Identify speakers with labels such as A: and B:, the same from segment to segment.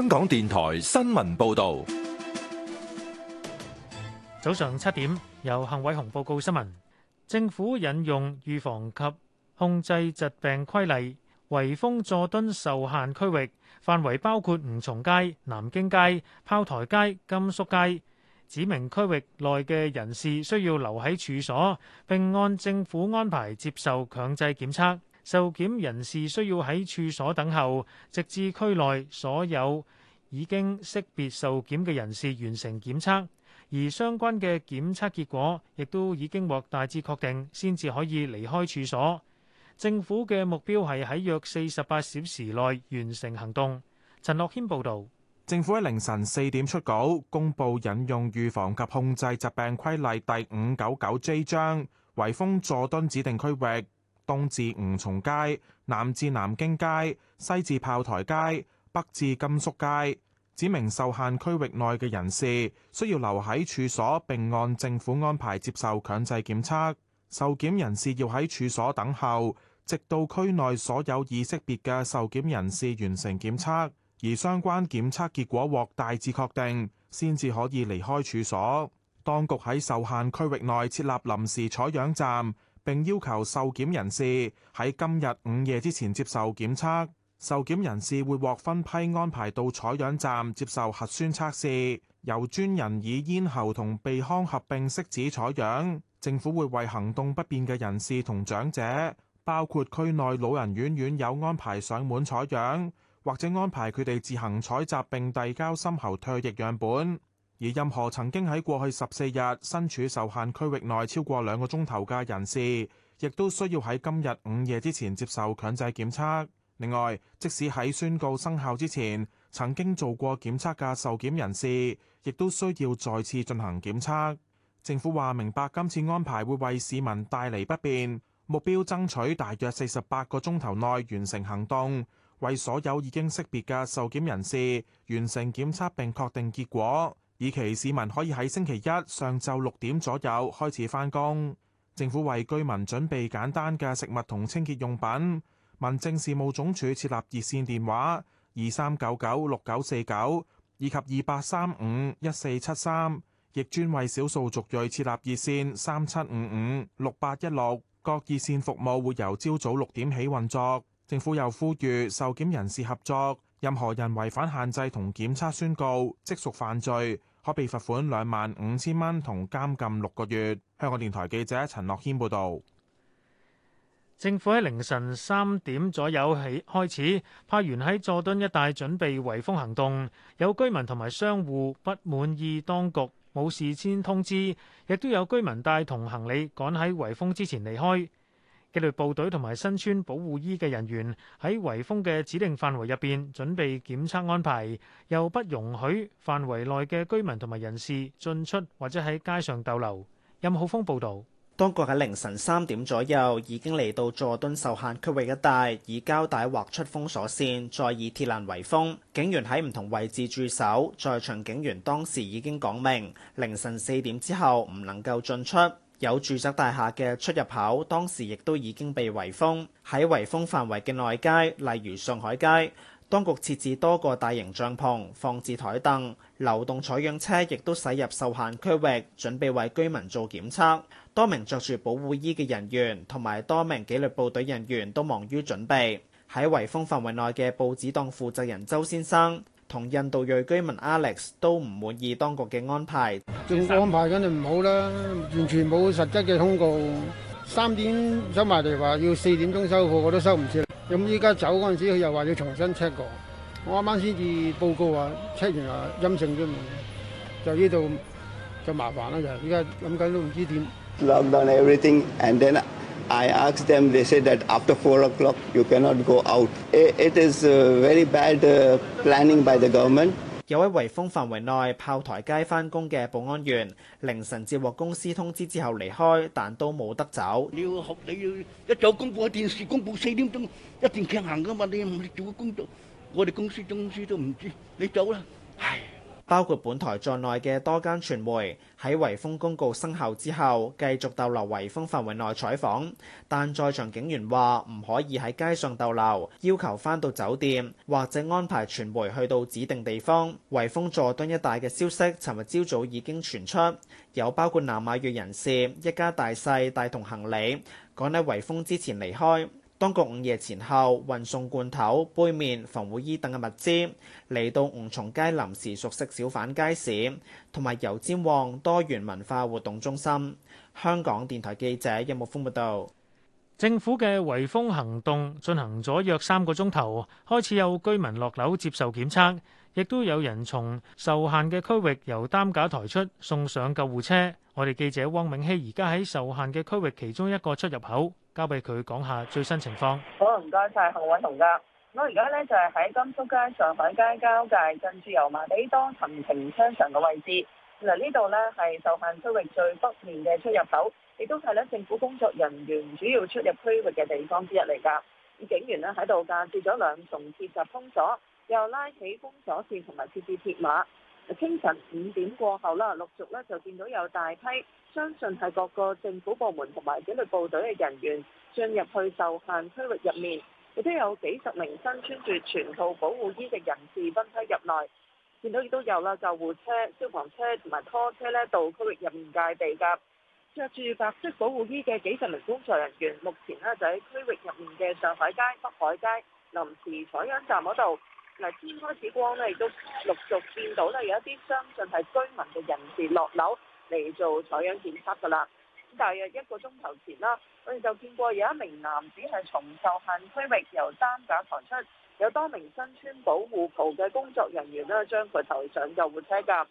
A: 香港電台新聞報道，
B: 早上七點由幸偉雄報告新聞。政府引用預防及控制疾病規例，圍封佐敦受限區域，範圍包括吳松街、南京街、炮台街、甘肅街。指明區域內嘅人士需要留喺處所，並按政府安排接受強制檢測。受檢人士需要喺處所等候，直至區內所有已經識別受檢嘅人士完成檢測，而相關嘅檢測結果亦都已經獲大致確定，先至可以離開處所。政府嘅目標係喺約四十八小時內完成行動。陳樂軒報導。
A: 政府喺凌晨四點出稿，公布引用《預防及控制疾病規例》第五九九 J 章，圍封佐敦指定區域。東至吳松街，南至南京街，西至炮台街，北至甘肅街。指明受限區域內嘅人士需要留喺處所並按政府安排接受強制檢測。受檢人士要喺處所等候，直到區內所有已識別嘅受檢人士完成檢測，而相關檢測結果獲大致確定，先至可以離開處所。當局喺受限區域內設立臨時採樣站。並要求受檢人士喺今日午夜之前接受檢測，受檢人士會獲分批安排到採樣站接受核酸測試，由專人以咽喉同鼻腔合併拭子採樣，政府會為行動不便嘅人士同長者，包括區內老人院院友安排上門採樣，或者安排佢哋自行採集並遞交深喉唾液樣本。而任何曾經喺過去十四日身處受限區域內超過兩個鐘頭嘅人士，亦都需要喺今日午夜之前接受強制檢測。另外，即使喺宣告生效之前曾經做過檢測嘅受檢人士，亦都需要再次進行檢測。政府話明白今次安排會為市民帶嚟不便，目標爭取大約四十八個鐘頭內完成行動，為所有已經識別嘅受檢人士完成檢測並確定結果。以期市民可以喺星期一上晝六點左右開始返工，政府為居民準備簡單嘅食物同清潔用品。民政事務總署設立熱線電話二三九九六九四九以及二八三五一四七三，亦專為少數族裔設立熱線三七五五六八一六。16, 各熱線服務會由朝早六點起運作。政府又呼籲受檢人士合作，任何人違反限制同檢測宣告，即屬犯罪。可被罰款兩萬五千蚊同監禁六個月。香港電台記者陳樂軒報導，政府喺凌晨三
B: 點左右起開始派員喺佐敦一帶準備圍封行動，有居民同埋商戶不滿意當局冇事先通知，亦都有居民帶同行李趕喺圍封之前離開。紀律部隊、同埋身穿保護衣嘅人員喺圍封嘅指定範圍入邊準備檢測安排，又不容許範圍內嘅居民同埋人士進出或者喺街上逗留。任
C: 浩峰報道。當局喺凌晨三點左右已經嚟到，佐敦受限區域一帶，以膠帶劃出封鎖線，再以鐵欄圍封。警員喺唔同位置駐守，在場警員當時已經講明，凌晨四點之後唔能夠進出。有住宅大廈嘅出入口，當時亦都已經被圍封。喺圍封範圍嘅內街，例如上海街，當局設置多個大型帳篷，放置台凳，流動採樣車亦都駛入受限區域，準備為居民做檢測。多名着住保護衣嘅人員同埋多名紀律部隊人員都忙於準備。喺圍封範圍內嘅報紙檔負責人周先生。同印度裔居民 Alex 都唔滿意當局嘅安排，仲安排緊就唔好啦，完全冇實質嘅通告。三點收埋嚟話要四點鐘收貨，我都收唔切。咁依家走嗰陣時，佢又話要重新 check 過，我啱啱先至報告話 check 完啊陰性啫，就呢度就麻煩啦，就依家諗緊都唔知點。有位惠風範圍內炮台街返工嘅保安員，凌晨接獲公司通知之後離開，但都冇得走。你要學你要一早公佈，喺電視公佈四點鐘，一定強行噶嘛？你唔去做個工作，我哋公司總公司都唔知，你走啦，係。包括本台在內嘅多間傳媒喺圍封公告生效之後，繼續逗留圍封範圍內採訪，但在場警員話唔可以喺街上逗留，要求返到酒店或者安排傳媒去到指定地方。圍封佐敦一帶嘅消息，尋日朝早已經傳出，有包括南亞裔人士一家大細帶同行李趕喺圍封之前離開。當局午夜前後運送罐頭、杯麵、防護衣等嘅物資，嚟到吳松街臨時熟食小販街市同埋油尖旺多元文化活動中心。香港電台記者任木寬報道。
B: 政府嘅圍封行動進行咗約三個鐘頭，開始有居民落樓接受檢測，亦都有人從受限嘅區域由擔架抬出送上救護車。我哋記者汪永熙而家喺受限嘅區域其中一個出入口。交俾佢講下最新情況。
D: 好，唔該晒，何偉雄噶。我而家咧就係喺金竹街、上海街交界近住油麻地多層停車場嘅位置。原來，呢度咧係受限區域最北面嘅出入口，亦都係咧政府工作人員主要出入區域嘅地方之一嚟噶。警員咧喺度架設咗兩重鐵閘封鎖，又拉起封鎖線同埋設置鐵馬。清晨五點過後啦，陸續咧就見到有大批，相信係各個政府部門同埋紀律部隊嘅人員進入去受限區域入面，亦都有幾十名身穿住全套保護衣嘅人士分批入內。見到亦都有啦，救護車、消防車同埋拖車咧到區域入面界地㗎。著住白色保護衣嘅幾十名工作人員，目前咧就喺區域入面嘅上海街、北海街臨時採樣站嗰度。嗱，天開始光咧，亦都陸續見到咧，有一啲相信係居民嘅人士落樓嚟做採樣檢測㗎啦。咁大約一個鐘頭前啦，我哋就見過有一名男子係從受限區域由擔架抬出，有多名身穿保護袍嘅工作人員咧，將佢抬上救護車㗎。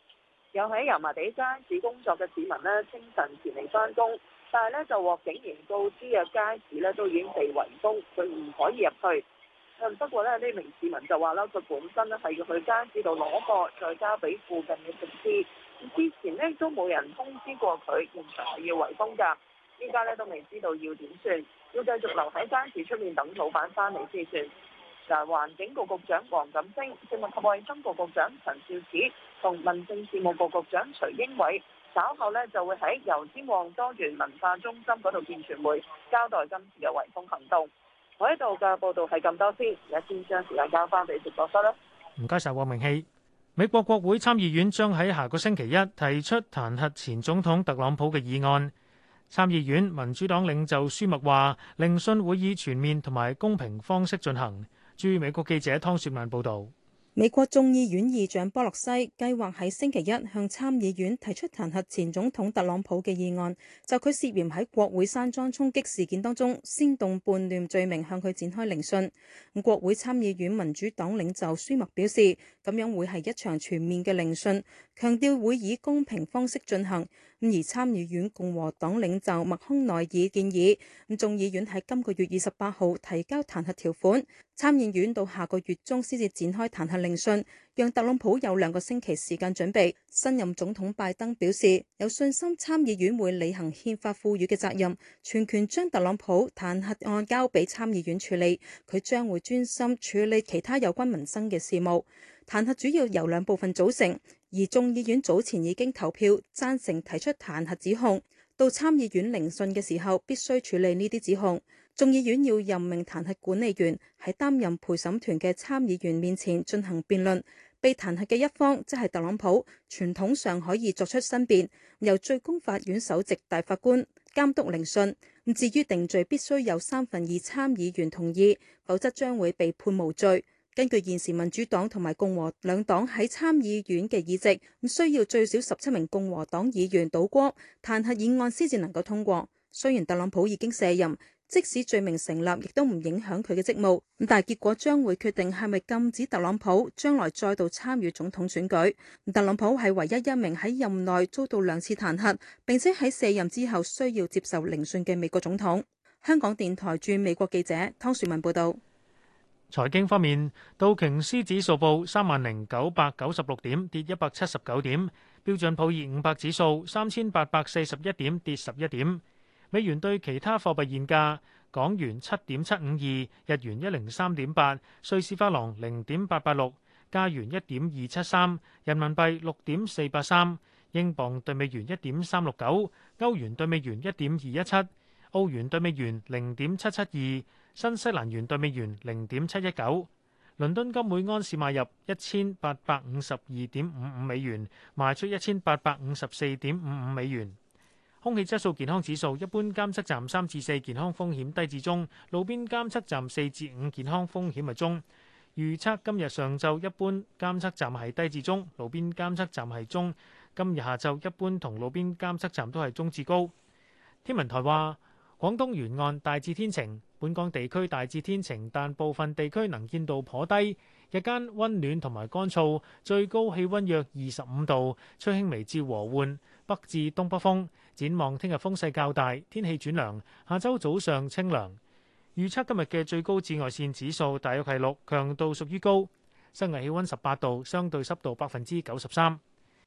D: 又喺油麻地街市工作嘅市民咧，清晨前嚟翻工，但係咧就獲警員告知啊，街市咧都已經被圍封，佢唔可以入去。不過呢，呢名市民就話啦，佢本身咧係要去街市度攞貨，再交俾附近嘅食肆。之前呢，都冇人通知過佢，現場係要圍封㗎。依家呢，都未知道要點算，要繼續留喺街市出面等老闆翻嚟先算。嗱，環境局局長黃錦星、食物及衞生局局長陳肇始同民政事務局局長徐英偉稍後呢，就會喺油尖旺多元文化中心嗰度見傳媒，交代今次嘅圍封行動。我喺度嘅報道係咁多先，而家先將時間交翻俾直
B: 播室啦。唔該晒。黃明熙。美國國會參議院將喺下個星期一提出彈劾前總統特朗普嘅議案。參議院民主黨領袖舒默話，聆訊會以全面同埋公平方式進行。駐美國記者湯雪曼報道。
E: 美國眾議院議長波洛西計劃喺星期一向參議院提出彈劾前總統特朗普嘅議案，就佢涉嫌喺國會山莊衝擊事件當中煽動叛亂罪名向佢展開聆訊。咁國會參議院民主黨領袖舒默表示，咁樣會係一場全面嘅聆訊。強調會以公平方式進行，而參議院共和黨領袖麥康奈爾建議，咁眾議院喺今個月二十八號提交彈劾條款，參議院到下個月中先至展開彈劾聆訊。讓特朗普有兩個星期時間準備。新任總統拜登表示有信心，參議院會履行憲法賦予嘅責任，全權將特朗普彈劾案交俾參議院處理。佢將會專心處理其他有關民生嘅事務。彈劾主要由兩部分組成，而眾議院早前已經投票贊成提出彈劾指控。到參議院聆訊嘅時候，必須處理呢啲指控。眾議院要任命彈劾管理員，喺擔任陪審團嘅參議員面前進行辯論。被彈劾嘅一方即係特朗普，傳統上可以作出申辯，由最高法院首席大法官監督聆訊。至於定罪，必須有三分二參議員同意，否則將會被判無罪。根據現時民主黨同埋共和兩黨喺參議院嘅議席，咁需要最少十七名共和黨議員倒光，彈劾議案先至能夠通過。雖然特朗普已經卸任。即使罪名成立，亦都唔影響佢嘅職務。咁但係結果將會決定係咪禁止特朗普將來再度參與總統選舉。特朗普係唯一一名喺任內遭到兩次彈劾，並且喺卸任之後需要接受聆訊嘅美國總統。香港電台駐美國記者湯雪文報道。
B: 財經方面，道瓊斯指數報三萬零九百九十六點，跌一百七十九點；標準普爾五百指數三千八百四十一點，跌十一點。美元兌其他貨幣現價：港元七點七五二，日元一零三點八，瑞士法郎零點八八六，加元一點二七三，人民幣六點四八三，英鎊對美元一點三六九，歐元對美元一點二一七，澳元對美元零點七七二，新西蘭元對美元零點七一九。倫敦金每安士買入一千八百五十二點五五美元，賣出一千八百五十四點五五美元。空氣質素健康指數，一般監測站三至四，健康風險低至中；路邊監測站四至五，健康風險係中。預測今日上晝一般監測站係低至中，路邊監測站係中。今日下晝一般同路邊監測站都係中至高。天文台話，廣東沿岸大致天晴，本港地區大致天晴，但部分地區能見度頗低。日間溫暖同埋乾燥，最高氣溫約二十五度，吹輕微至和緩北至東北風，展望聽日風勢較大，天氣轉涼。下週早上清涼。預測今日嘅最高紫外線指數大約係六，強度屬於高。室外氣溫十八度，相對濕度百分之九十三。